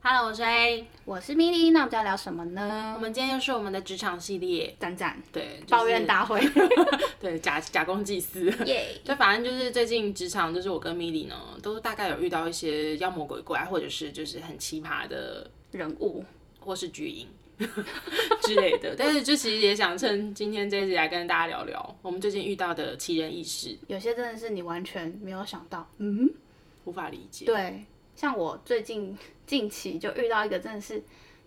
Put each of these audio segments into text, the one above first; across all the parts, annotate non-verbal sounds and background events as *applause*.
Hello，我是 A，hey, 我是米莉。那我們要聊什麼呢？我們今天又是我們的職場系列，讚讚。對、就是，抱怨大會， *laughs* 對，假假公濟私，耶、yeah。就反正就是最近職場，就是我跟米莉呢，都大概有遇到一些妖魔鬼怪，或者是就是很奇葩的人物，或是巨嬰 *laughs* 之類的。 *laughs* 但是就其實也想趁今天這一集來跟大家聊聊，我們最近遇到的奇人異事，有些真的是你完全沒有想到，嗯，無法理解，對。像我最近近期就遇到一個真的是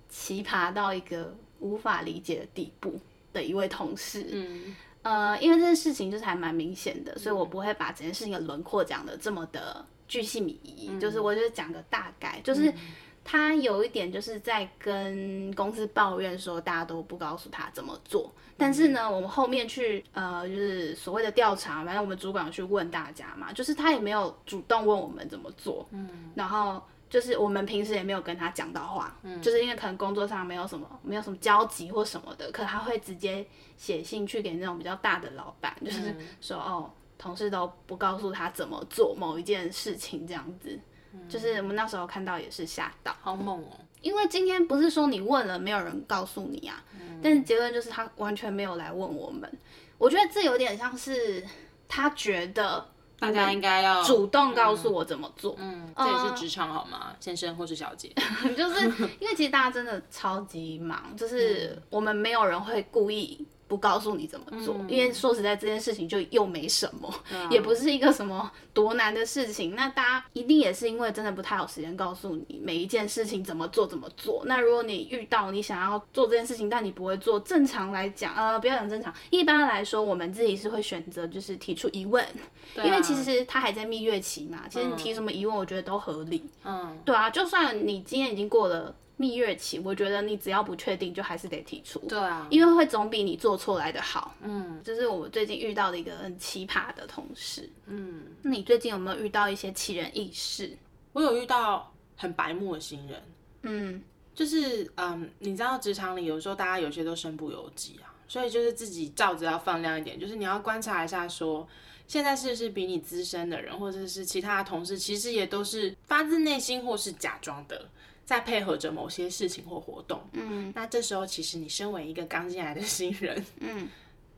奇葩到一個無法理解的地步的一位同事，嗯，呃，因為這件事情就是還蠻明顯的，嗯，所以我不會把整件事情的輪廓講的這麼的巨細靡遺，就是我覺得講個大概，就是，嗯。嗯他有一點就是在跟公司抱怨說，大家都不告訴他怎麼做，嗯。但是呢，我們後面去，呃，就是所謂的調查，反正我們主管去問大家嘛，就是他也沒有主動問我們怎麼做，嗯，然後就是我們平時也沒有跟他講到話，嗯，就是因為可能工作上沒有什麼，沒有什麼交集或什麼的，可他會直接寫信去給那種比較大的老闆，就是說，嗯，哦，同事都不告訴他怎麼做某一件事情這樣子。嗯、就是我們那時候看到也是嚇到，好猛哦、喔！因為今天不是說你問了沒有人告訴你啊、嗯，但是結論就是他完全沒有來問我們。我覺得這有點像是他覺得大家應該要主動告訴我怎麼做。嗯、嗯、嗯，這也是職場、呃、好嗎？先生或是小姐。 *laughs* 就是因為其實大家真的超級忙，就是我們沒有人會故意。不告訴你怎麼做、嗯，因為說實在，這件事情就又沒什麼、啊，也不是一個什麼多難的事情。那大家一定也是因為真的不太有時間告訴你每一件事情怎麼做怎麼做。那如果你遇到你想要做這件事情，但你不會做，正常來講，呃，不要講正常，一般來說，我們自己是會選擇就是提出疑問、啊，因為其實他還在蜜月期嘛。其實你提什麼疑問，我覺得都合理。嗯，對啊，就算你今天已經過了。蜜月期，我覺得你只要不確定，就還是得提出。對啊，因為會總比你做錯來的好。嗯，這、就是我最近遇到的一個很奇葩的同事。嗯，那你最近有沒有遇到一些奇人異事？我有遇到很白目的新人。嗯，就是嗯，你知道職場裡有時候大家有些都身不由己啊，所以就是自己罩子要放亮一點。就是你要觀察一下說，說現在是不是比你資深的人，或者是其他的同事，其實也都是發自內心或是假裝的。在配合着某些事情或活動，嗯，那這時候其實你身為一個剛進來的新人，嗯，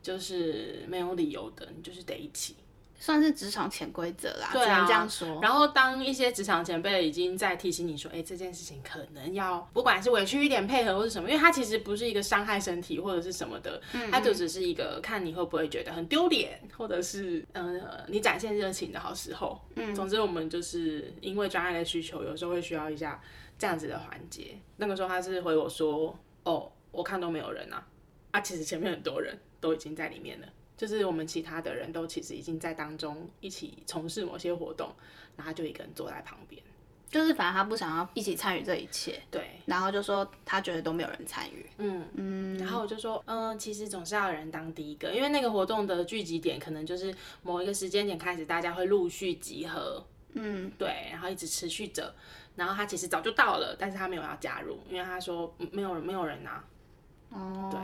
就是沒有理由的，你就是得一起，算是職場潛規則啦，對、啊，能這樣說。然後當一些職場前輩已經在提醒你說，哎、欸，這件事情可能要，不管是委屈一點配合，或是什麼，因為它其實不是一個傷害身體或者是什麼的、嗯，它就只是一個看你會不會覺得很丟臉、嗯，或者是嗯、呃，你展現熱情的好時候。嗯，總之我們就是因為專業的需求，有時候會需要一下。這樣子的環節，那個時候他是回我說：“哦，我看都沒有人吶，啊，啊，其實前面很多人都已經在裡面了，就是我們其他的人都其實已經在當中一起從事某些活動，然後就一個人坐在旁邊，就是反而他不想要一起參與這一切，對，然後就說他覺得都沒有人參與，嗯嗯，然後我就說，嗯、呃，其實總是要有人當第一個，因為那個活動的聚集點可能就是某一個時間點開始，大家會陸續集合。”嗯，對，然後一直持續着，然後他其實早就到了，但是他沒有要加入，因為他說沒有人，沒有人啊。哦，對，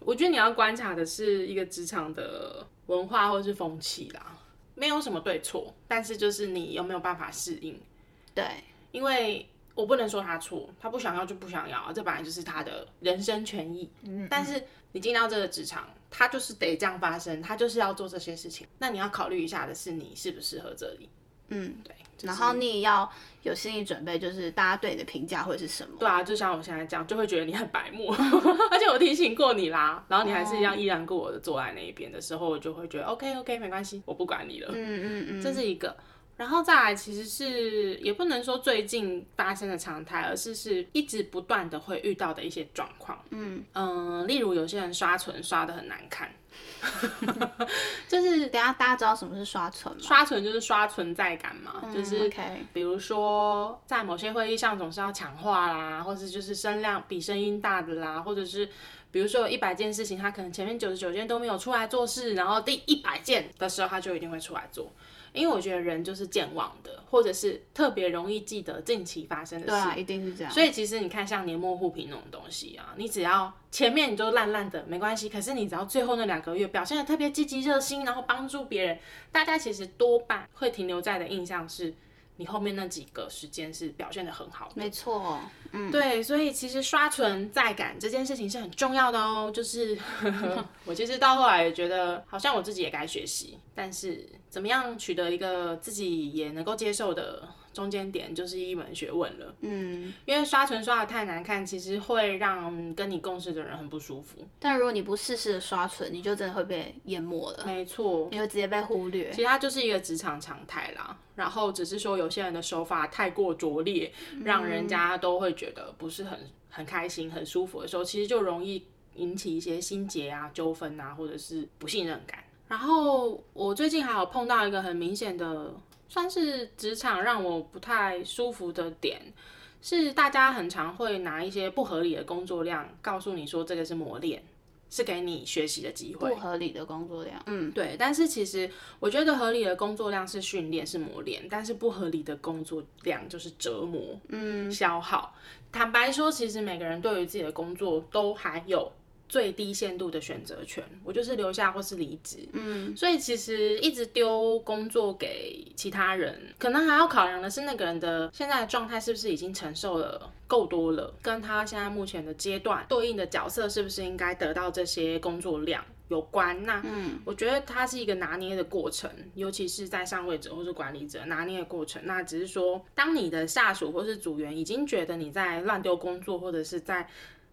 我覺得你要觀察的是一個職場的文化或是風氣啦，沒有什麼對錯，但是就是你有沒有辦法適應。對，因為我不能說他錯，他不想要就不想要，這本來就是他的人生權益。嗯，嗯，但是你進到這個職場，他就是得這樣發生，他就是要做這些事情。那你要考慮一下的是，你適不適合這裡。嗯，對，然後你也要有心理準備，就是大家對你的評價會是什麼？對啊，就像我現在這樣，就會覺得你很白目， *laughs* 而且我提醒過你啦，然後你還是一樣依然故我的坐在那邊的時候，oh. 我就會覺得 OK OK，沒關係，我不管你了。嗯嗯嗯，這是一個。然後再來，其實是也不能說最近發生的常態，而是是一直不斷的會遇到的一些狀況。嗯嗯、呃，例如有些人刷存刷得很難看， *laughs* 就是等下大家知道什麼是刷存嗎？刷存就是刷存在感嘛、嗯，就是比如說、okay. 在某些會議上總是要搶話啦，或者就是聲量比聲音大的啦，或者是比如說有一百件事情，他可能前面九十九件都沒有出來做事，然後第一百件的時候他就一定會出來做。因為我覺得人就是健忘的，或者是特別容易記得近期發生的事，對啊，一定是這樣。所以其實你看，像年末互評那種東西啊，你只要前面你都爛爛的沒關係，可是你只要最後那兩個月表現得特別積極熱心，然後幫助別人，大家其實多半會停留在的印象是。你後面那幾個時間是表現得很好的，沒錯，嗯，對，所以其實刷存在感這件事情是很重要的哦。就是 *laughs* 我其實到後來也覺得，好像我自己也該學習，但是怎麼樣取得一個自己也能夠接受的。中間點就是一門學問了，嗯，因為刷存刷得太難看，其實會讓跟你共事的人很不舒服。但如果你不試試刷存，你就真的會被淹沒了。沒錯，你就直接被忽略。其實它就是一個職場常態啦，然後只是說有些人的手法太過拙劣，嗯，讓人家都會覺得不是很很開心、很舒服的時候，其實就容易引起一些心結啊、糾紛啊，或者是不信任感。然後我最近還有碰到一個很明顯的。算是職場讓我不太舒服的點，是大家很常會拿一些不合理的工作量告訴你說，這個是磨練，是給你學習的機會。不合理的工作量，嗯，對。但是其實我覺得合理的工作量是訓練，是磨練，但是不合理的工作量就是折磨，嗯，消耗。坦白說，其實每個人對於自己的工作都還有。最低限度的選擇權，我就是留下或是離職。嗯，所以其實一直丟工作給其他人，可能還要考量的是那個人的現在的狀態是不是已經承受了夠多了，跟他現在目前的階段對應的角色是不是應該得到這些工作量有關。那嗯，我覺得它是一個拿捏的過程，尤其是在上位者或是管理者拿捏的過程。那只是說，當你的下屬或是組員已經覺得你在亂丟工作，或者是在。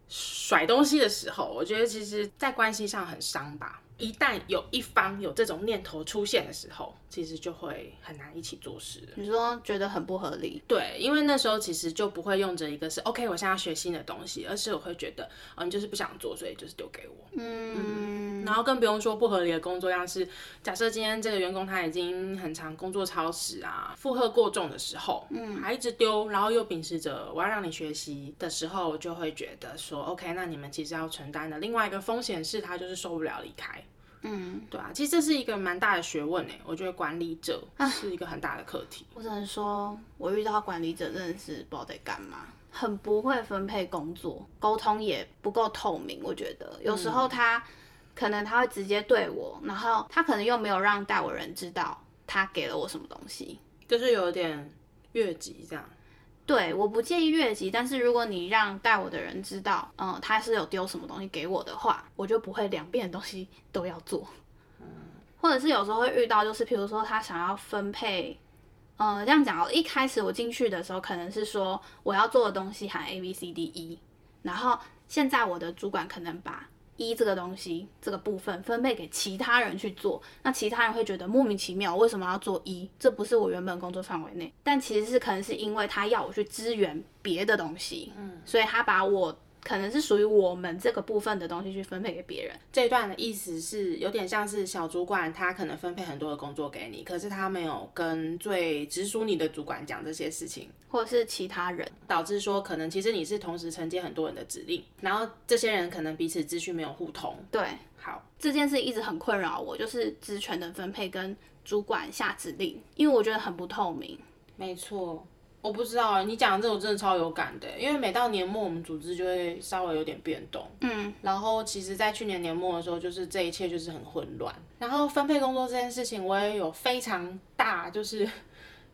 甩東西的時候，我覺得其實在關係上很傷吧。一旦有一方有這種念頭出現的時候，其實就會很難一起做事。你說覺得很不合理？對，因為那時候其實就不會用着一個是 OK，我現在要學新的東西，而是我會覺得，嗯、哦，你就是不想做，所以就是丟給我嗯。嗯，然後更不用說不合理的工作量是，假設今天這個員工他已經很常工作超時啊，負荷過重的時候，嗯，還一直丟，然後又秉持着我要讓你學習的時候，就會覺得說、嗯、OK，那你們其實要承擔的另外一個風險是，他就是受不了離開。嗯，對啊，其實這是一個蠻大的學問呢，我覺得管理者是一個很大的課題。啊，我只能說，我遇到管理者真的是不知道在幹嘛，很不會分配工作，溝通也不夠透明。我覺得有時候他，嗯，可能他會直接對我，然後他可能又沒有讓帶我人知道他給了我什麼東西，就是有點越級這樣。對，我不介意越級，但是如果你讓帶我的人知道，嗯，他是有丟什麼東西給我的話，我就不會兩邊的東西都要做，嗯。或者是有時候會遇到，就是譬如說他想要分配，嗯，這樣講哦，一開始我進去的時候可能是說我要做的東西含 A B C D E，然後現在我的主管可能把。一這個東西，這個部分分配給其他人去做，那其他人會覺得莫名其妙，為什麼要做一？這不是我原本工作範圍內，但其實是可能是因為他要我去支援別的東西，嗯，所以他把我。可能是屬於我們這個部分的東西去分配給別人。這一段的意思是有點像是小主管他可能分配很多的工作給你，可是他沒有跟最直屬你的主管講這些事情，或者是其他人，導致說可能其實你是同時承接很多人的指令，然後這些人可能彼此資訊沒有互通。對，好，這件事一直很困擾我，就是職權的分配跟主管下指令，因為我覺得很不透明。沒錯。我不知道啊，你講的這種真的超有感的，因為每到年末，我們組織就會稍微有點變動。嗯，然後其實，在去年年末的時候，就是這一切就是很混亂。然後分配工作這件事情，我也有非常大就是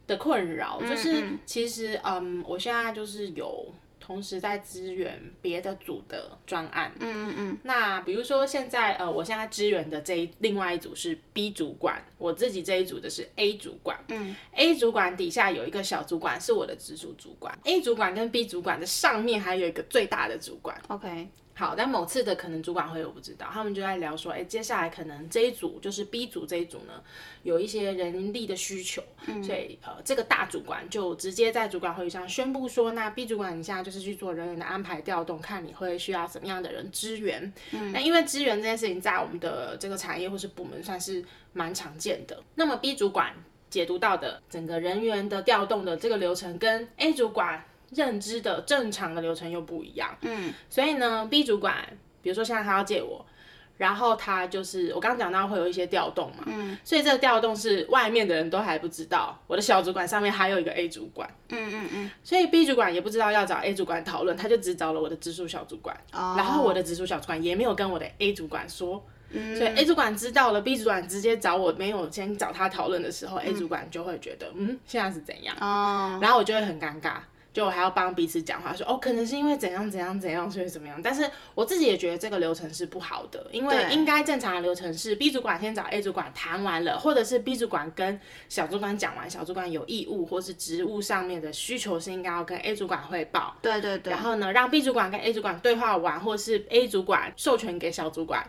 的困擾，嗯嗯，就是其實嗯，我現在就是有。同時在支援別的組的專案。嗯嗯嗯。那比如說現在，呃，我現在支援的這一另外一組是 B 主管，我自己這一組的是 A 主管。嗯。A 主管底下有一個小主管，是我的直屬主管。A 主管跟 B 主管的上面還有一個最大的主管。OK。好，但某次的可能主管會我不知道，他們就在聊說，哎，接下來可能這一組就是 B 組這一組呢，有一些人力的需求，嗯、所以呃，這個大主管就直接在主管會議上宣布說，那 B 主管你現在就是去做人員的安排調動，看你會需要什麼樣的人支援。那、嗯、因為支援這件事情在我們的這個產業或是部門算是蠻常見的。那麼 B 主管解讀到的整個人員的調動的這個流程，跟 A 主管，認知的正常的流程又不一樣，嗯，所以呢，B 主管，比如說現在他要借我，然後他就是我剛剛講到會有一些調動嘛，嗯，所以這個調動是外面的人都還不知道，我的小主管上面還有一個 A 主管，嗯嗯嗯，所以 B 主管也不知道要找 A 主管討論，他就只找了我的直屬小主管，哦，然後我的直屬小主管也沒有跟我的 A 主管說，嗯，所以 A 主管知道了 B 主管直接找我，沒有先找他討論的時候，嗯，A 主管就會覺得，嗯，現在是怎樣？哦，然後我就會很尷尬。就我還要幫彼此講話說，說哦，可能是因為怎樣怎樣怎樣，所以怎麼樣。但是我自己也覺得這個流程是不好的，因為應該正常的流程是 B 主管先找 A 主管談完了，或者是 B 主管跟小主管講完，小主管有義務或是職務上面的需求是應該要跟 A 主管匯報。對對對。然後呢，讓 B 主管跟 A 主管對話完，或是 A 主管授權給小主管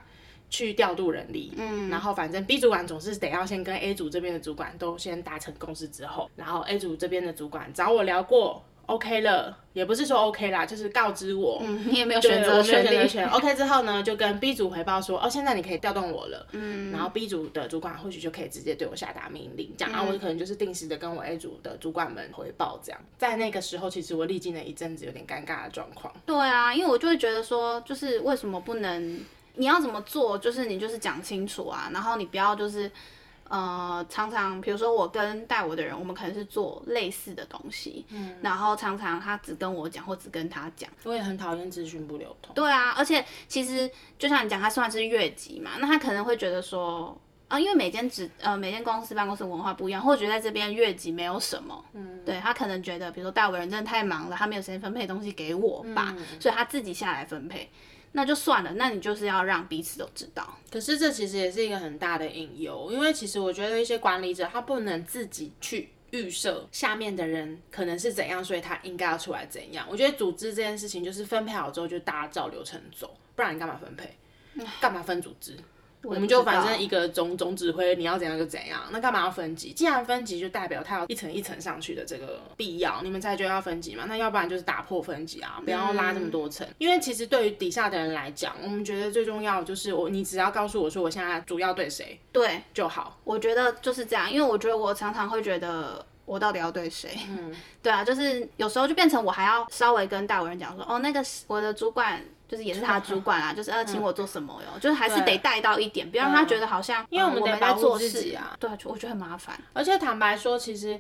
去調度人力。嗯。然後反正 B 主管總是得要先跟 A 組這邊的主管都先達成共識之後，然後 A 組這邊的主管找我聊過。OK 了，也不是說 OK 啦，就是告知我，嗯，你也沒有選擇，我選定選 *laughs* OK 之後呢，就跟 B 組回報說，哦，現在你可以調動我了，嗯，然後 B 組的主管或許就可以直接對我下達命令這樣。嗯、然後我可能就是定時的跟我 A 組的主管們回報這樣，在那個時候其實我歷經了一陣子有點尷尬的狀況，對啊，因為我就會覺得說，就是為什麼不能，你要怎麼做，就是你就是講清楚啊，然後你不要就是。呃，常常比如說我跟帶我的人，我們可能是做類似的東西，嗯，然後常常他只跟我講或只跟他講，我也很討厭資訊不流通。對啊，而且其實就像你講，他算是越級嘛，那他可能會覺得說，啊，因為每間職呃每間公司辦公室文化不一樣，或覺得在這邊越級沒有什麼，嗯，對他可能覺得比如說帶我的人真的太忙了，他沒有時間分配東西給我吧，嗯，所以他自己下來分配。那就算了，那你就是要讓彼此都知道。可是這其實也是一個很大的隱憂，因為其實我覺得一些管理者他不能自己去預設下面的人可能是怎樣，所以他應該要出來怎樣。我覺得組織這件事情就是分配好之後就大家照流程走，不然你幹嘛分配？嗯，幹嘛分組織？我，我們就反正一個總總指揮，你要怎樣就怎樣，那幹嘛要分級？既然分級，就代表它要一層一層上去的這個必要。你們才覺得要分級嘛？那要不然就是打破分級啊，不要拉這麼多層，嗯。因為其實對於底下的人來講，我們覺得最重要就是我，你只要告訴我說我現在主要對誰對就好對。我覺得就是這樣，因為我覺得我常常會覺得我到底要對誰？嗯、 *laughs* 對啊，就是有時候就變成我還要稍微跟大文人講說，哦，那個是我的主管。就是也是他主管啊、嗯，就是要請我做什麼喲、嗯，就是還是得帶到一點，不要讓他覺得好像，嗯、因為我們得保護自己、啊嗯、沒在做事啊。對，我覺得很麻煩。而且坦白說，其實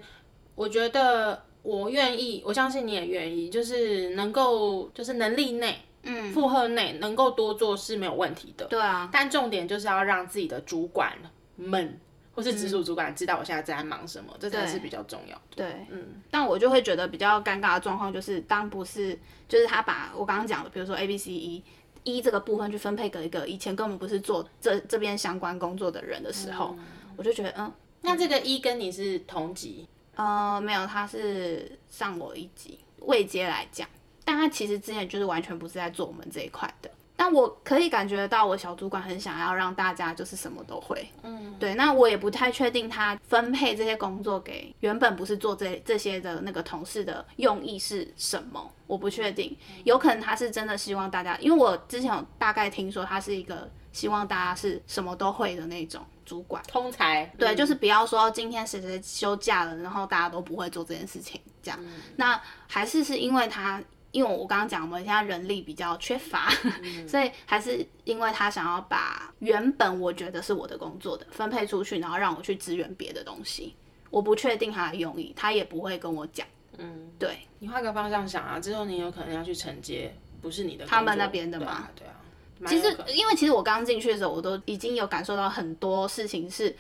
我覺得我願意，我相信你也願意，就是能夠，就是能力內，嗯，負荷內能夠多做是沒有問題的。對啊。但重點就是要讓自己的主管們。或是直屬主管，嗯、知道我現在正在忙什麼、嗯，這才是比較重要的。對，嗯，但我就會覺得比較尷尬的狀況就是，當不是就是他把我剛剛講的，比如說 A、B、C、E 一這個部分去分配給一個以前根本不是做這這邊相關工作的人的時候，嗯、我就覺得，嗯，那這個一、e、跟你是同級、嗯？呃，沒有，他是上我一級，未接來講，但他其實之前就是完全不是在做我們這一塊的。但我可以感覺到，我小主管很想要讓大家就是什麼都會，嗯，對。那我也不太確定他分配這些工作給原本不是做這這些的那個同事的用意是什麼，我不確定。有可能他是真的希望大家，因為我之前有大概聽說他是一個希望大家是什麼都會的那種主管，通才，嗯，對，就是不要說今天誰誰休假了，然後大家都不會做這件事情這樣，嗯。那還是是因為他。因為我剛剛講，我們現在人力比較缺乏，嗯、 *laughs* 所以還是因為他想要把原本我覺得是我的工作的分配出去，然後讓我去支援別的東西。我不確定他的用意，他也不會跟我講。嗯，對，你換個方向想啊，之後你有可能要去承接不是你的工作，他們那邊的嘛？對啊。對啊，其實因為其實我剛進去的時候，我都已經有感受到很多事情是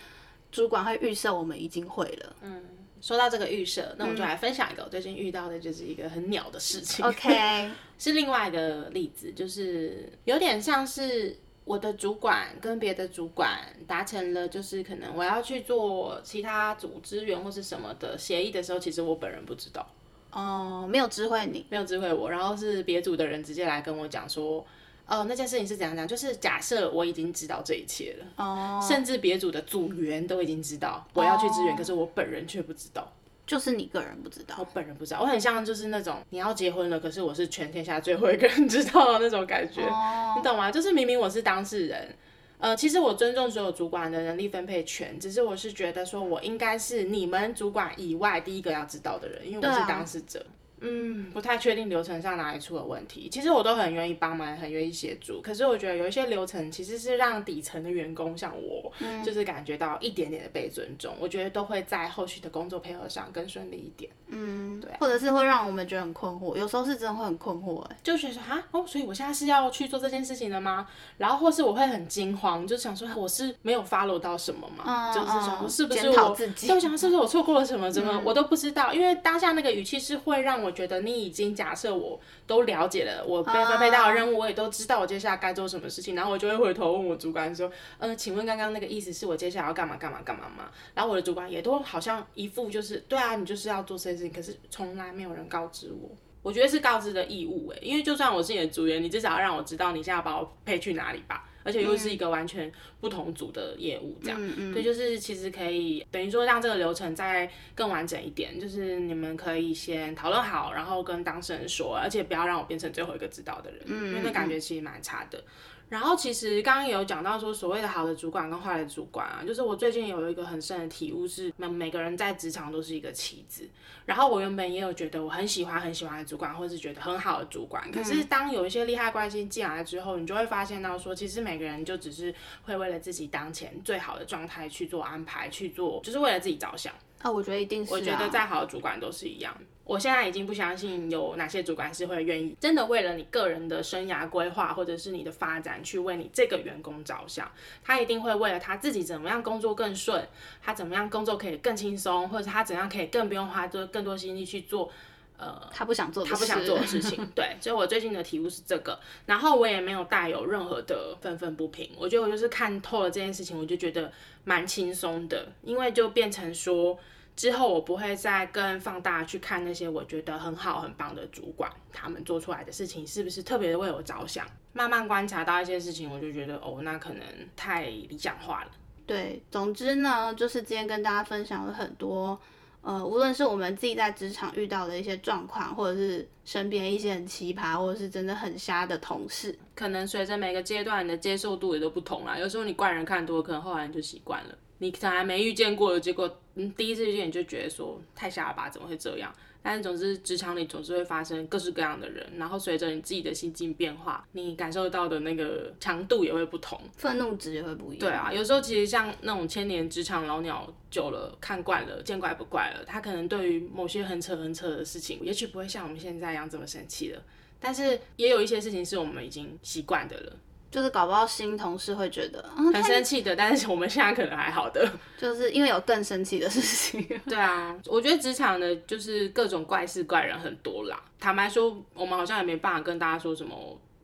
主管會預設我們已經會了。嗯。說到這個預設，那我就來分享一個我最近遇到的，就是一個很鳥的事情。OK，是另外一個例子，就是有點像是我的主管跟別的主管達成了，就是可能我要去做其他組支援或是什麼的協議的時候，其實我本人不知道。哦，沒有知會你？沒有知會我，然後是別組的人直接來跟我講說。哦，那件事情是怎樣講？就是假設我已經知道這一切了，oh. 甚至別組的組員都已經知道我要去支援，oh. 可是我本人卻不知道，就是你個人不知道，我本人不知道，我很像就是那種你要結婚了，可是我是全天下最後一個人知道的那種感覺，oh. 你懂嗎？就是明明我是當事人，呃，其實我尊重所有主管的人力分配權，只是我是覺得說我應該是你們主管以外第一個要知道的人，因為我是當事者。Oh. 嗯，不太確定流程上哪裡出了問題。其實我都很願意幫忙，很願意協助。可是我覺得有一些流程其實是讓底層的員工像我、嗯，就是感覺到一點點的被尊重。我覺得都會在後續的工作配合上更順利一點。嗯，對，或者是會讓我們覺得很困惑。有時候是真的會很困惑，哎，就覺得啊，哦，所以我現在是要去做這件事情了嗎？然後或是我會很驚慌，就想說我是沒有 follow 到什麼嗎？嗯、就是，說是不是我、嗯、就想是不是我，所以我想是不是我錯過了什麼，什麼？怎、嗯、麼我都不知道？因為當下那個語氣是會讓我。我覺得你已經假設我都了解了，我被分配到的任務，我也都知道我接下來該做什麼事情，然後我就會回頭問我主管說，嗯、呃，請問剛剛那個意思是我接下來要幹嘛幹嘛幹嘛嗎？然後我的主管也都好像一副就是對啊，你就是要做這些事情，可是從來沒有人告知我，我覺得是告知的義務誒、欸，因為就算我是你的組員，你至少要讓我知道你現在要把我配去哪裡吧。而且又是一個完全不同組的業務，這樣，對、嗯，所以就是其實可以等於說讓這個流程再更完整一點，就是你們可以先討論好，然後跟當事人說，而且不要讓我變成最後一個知道的人、嗯，因為那個感覺其實蠻差的。然後其實剛剛也有講到說，所謂的好的主管跟壞的主管啊，就是我最近有一個很深的體悟，是每每個人在職場都是一個棋子。然後我原本也有覺得我很喜歡很喜歡的主管，或者是覺得很好的主管，嗯、可是當有一些利害關係進來了之後，你就會發現到說，其實每個人就只是會為了自己當前最好的狀態去做安排，去做，就是為了自己着想。啊、哦，我覺得一定是、啊，我覺得再好的主管都是一樣。我現在已經不相信有哪些主管是會願意真的為了你個人的生涯規劃或者是你的發展去為你這個員工着想，他一定會為了他自己怎麼樣工作更順，他怎麼樣工作可以更輕鬆，或者是他怎樣可以更不用花多更多心力去做，呃，他不想做，他不想做的事情。對，所以我最近的題目是這個，然後我也沒有帶有任何的憤憤不平，我覺得我就是看透了這件事情，我就覺得蠻輕鬆的，因為就變成說。之後我不會再更放大去看那些我覺得很好很棒的主管，他們做出來的事情是不是特別的為我着想？慢慢觀察到一些事情，我就覺得哦，那可能太理想化了。對，總之呢，就是今天跟大家分享了很多，呃，無論是我們自己在職場遇到的一些狀況，或者是身邊一些很奇葩，或者是真的很瞎的同事，可能隨着每個階段你的接受度也都不同啦。有時候你怪人看多，可能後來你就習慣了。你從來沒遇見過的結果，嗯，第一次遇見你就覺得說太瞎了吧，怎麼會這樣？但總之職場裡總是會發生各式各樣的人，然後隨着你自己的心境變化，你感受到的那個強度也會不同，憤怒值也會不一樣。對啊，有時候其實像那種千年職場老鳥，久了看慣了，見怪不怪了，他可能對於某些很扯很扯的事情，也許不會像我們現在一樣這麼生氣了。但是也有一些事情是我們已經習慣的了。就是搞不到新同事會覺得、嗯、很生氣的，但是我們現在可能還好的，就是因為有更生氣的事情。 *laughs* 對啊，我覺得職場的，就是各種怪事怪人很多啦。坦白說，我們好像也沒辦法跟大家說什麼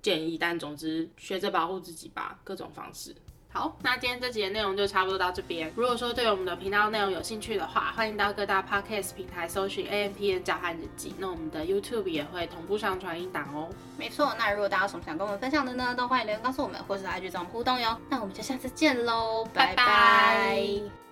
建議，但總之學着保護自己吧，各種方式。好，那今天這集的內容就差不多到這邊。如果說對我們的頻道內容有興趣的話，歡迎到各大 Podcast 平台搜尋 AMpm 交換日記。那我們的 YouTube 也會同步上傳音檔哦。沒錯，那如果大家有什麼想跟我們分享的呢，都歡迎留言告訴我們，或是來跟我們互動喲。那我們就下次見嘍，拜拜。拜拜。